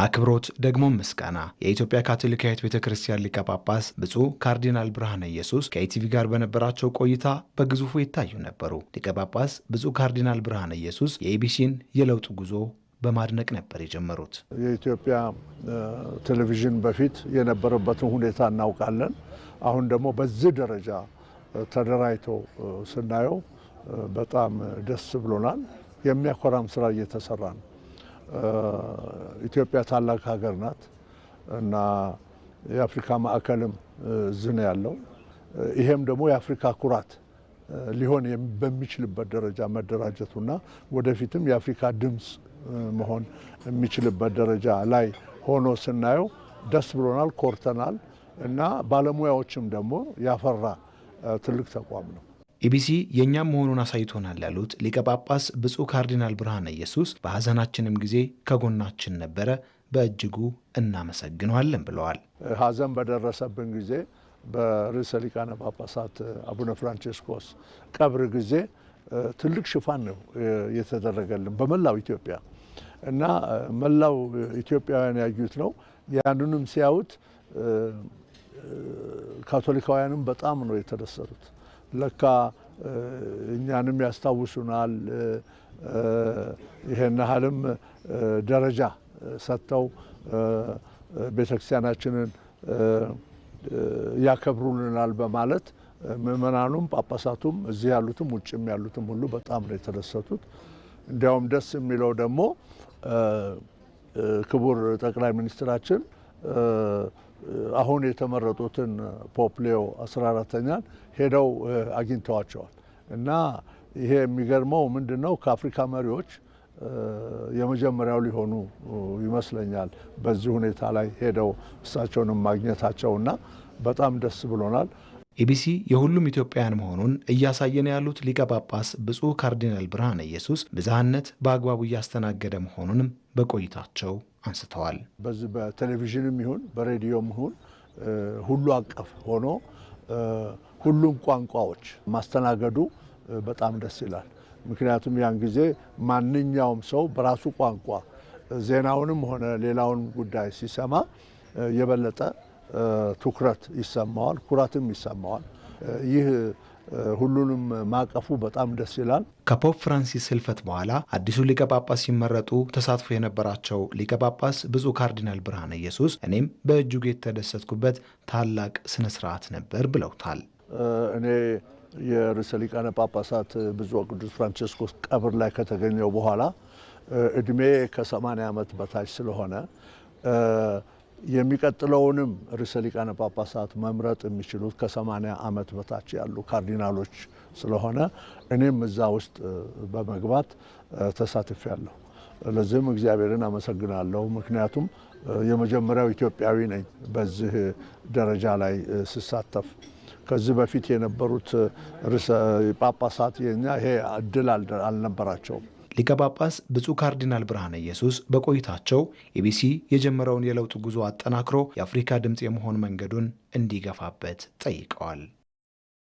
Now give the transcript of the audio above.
አክብሮት ደግሞ ምስጋና የኢትዮጵያ ካቶሊካዊት ቤተ ክርስቲያን ሊቀ ጳጳስ ብፁዕ ካርዲናል ብርሃነ ኢየሱስ ከኢቲቪ ጋር በነበራቸው ቆይታ በግዙፉ ይታዩ ነበሩ። ሊቀ ጳጳስ ብፁዕ ካርዲናል ብርሃነ ኢየሱስ የኢቢሲን የለውጥ ጉዞ በማድነቅ ነበር የጀመሩት። የኢትዮጵያ ቴሌቪዥን በፊት የነበረበትን ሁኔታ እናውቃለን። አሁን ደግሞ በዚህ ደረጃ ተደራጅቶ ስናየው በጣም ደስ ብሎናል። የሚያኮራም ስራ እየተሰራ ነው። ኢትዮጵያ ታላቅ ሀገር ናት እና የአፍሪካ ማዕከልም ዝን ያለው። ይሄም ደግሞ የአፍሪካ ኩራት ሊሆን በሚችልበት ደረጃ መደራጀቱና ወደፊትም የአፍሪካ ድምፅ መሆን የሚችልበት ደረጃ ላይ ሆኖ ስናየው ደስ ብሎናል፣ ኮርተናል እና ባለሙያዎችም ደግሞ ያፈራ ትልቅ ተቋም ነው። ኢቢሲ የእኛም መሆኑን አሳይቶናል ያሉት ሊቀ ጳጳስ ብፁዕ ካርዲናል ብርሃነ ኢየሱስ በሐዘናችንም ጊዜ ከጎናችን ነበረ፣ በእጅጉ እናመሰግነዋለን ብለዋል። ሐዘን በደረሰብን ጊዜ በርዕሰ ሊቃነ ጳጳሳት አቡነ ፍራንቼስኮስ ቀብር ጊዜ ትልቅ ሽፋን ነው የተደረገልን በመላው ኢትዮጵያ እና መላው ኢትዮጵያውያን ያዩት ነው። ያንንም ሲያዩት ካቶሊካውያንም በጣም ነው የተደሰቱት። ለካ እኛንም ያስታውሱናል። ይሄን ያህልም ደረጃ ሰጥተው ቤተክርስቲያናችንን ያከብሩልናል በማለት ምእመናኑም ጳጳሳቱም እዚህ ያሉትም ውጭም ያሉትም ሁሉ በጣም ነው የተደሰቱት። እንዲያውም ደስ የሚለው ደግሞ ክቡር ጠቅላይ ሚኒስትራችን አሁን የተመረጡትን ፖፕሌዮ 14ተኛን ሄደው አግኝተዋቸዋል እና ይሄ የሚገርመው ምንድን ነው ከአፍሪካ መሪዎች የመጀመሪያው ሊሆኑ ይመስለኛል በዚህ ሁኔታ ላይ ሄደው እሳቸውንም እና በጣም ደስ ብሎናል። ኢቢሲ የሁሉም ኢትዮጵያውያን መሆኑን እያሳየን ያሉት ሊቀ ጳጳስ ብፁዕ ካርዲናል ብርሃነ ኢየሱስ ብዝሃነት በአግባቡ እያስተናገደ መሆኑንም በቆይታቸው አንስተዋል። በዚህ በቴሌቪዥንም ይሁን በሬዲዮም ይሁን ሁሉ አቀፍ ሆኖ ሁሉም ቋንቋዎች ማስተናገዱ በጣም ደስ ይላል። ምክንያቱም ያን ጊዜ ማንኛውም ሰው በራሱ ቋንቋ ዜናውንም ሆነ ሌላውን ጉዳይ ሲሰማ የበለጠ ትኩረት ይሰማዋል፣ ኩራትም ይሰማዋል። ይህ ሁሉንም ማቀፉ በጣም ደስ ይላል። ከፖፕ ፍራንሲስ ህልፈት በኋላ አዲሱ ሊቀ ጳጳስ ሲመረጡ ተሳትፎ የነበራቸው ሊቀ ጳጳስ ብፁዕ ካርዲናል ብርሃነ ኢየሱስ እኔም በእጅጉ የተደሰትኩበት ታላቅ ስነ ስርዓት ነበር ብለውታል። እኔ የርዕሰ ሊቃነ ጳጳሳት ብፁዕ ወቅዱስ ፍራንቺስኮስ ቀብር ላይ ከተገኘው በኋላ እድሜ ከ80 ዓመት በታች ስለሆነ የሚቀጥለውንም ርዕሰ ሊቃነ ጳጳሳት መምረጥ የሚችሉት ከሰማንያ ዓመት በታች ያሉ ካርዲናሎች ስለሆነ እኔም እዛ ውስጥ በመግባት ያለሁ ለዚህም እግዚአብሔርን አመሰግናለሁ። ምክንያቱም የመጀመሪያው ኢትዮጵያዊ ነኝ በዚህ ደረጃ ላይ ስሳተፍ። ከዚህ በፊት የነበሩት ርዕሰ ጳጳሳት የኛ ይሄ እድል አልነበራቸውም። ሊቀ ጳጳስ ብፁዕ ካርዲናል ብርሃነ ኢየሱስ በቆይታቸው ኢቢሲ የጀመረውን የለውጥ ጉዞ አጠናክሮ የአፍሪካ ድምፅ የመሆን መንገዱን እንዲገፋበት ጠይቀዋል።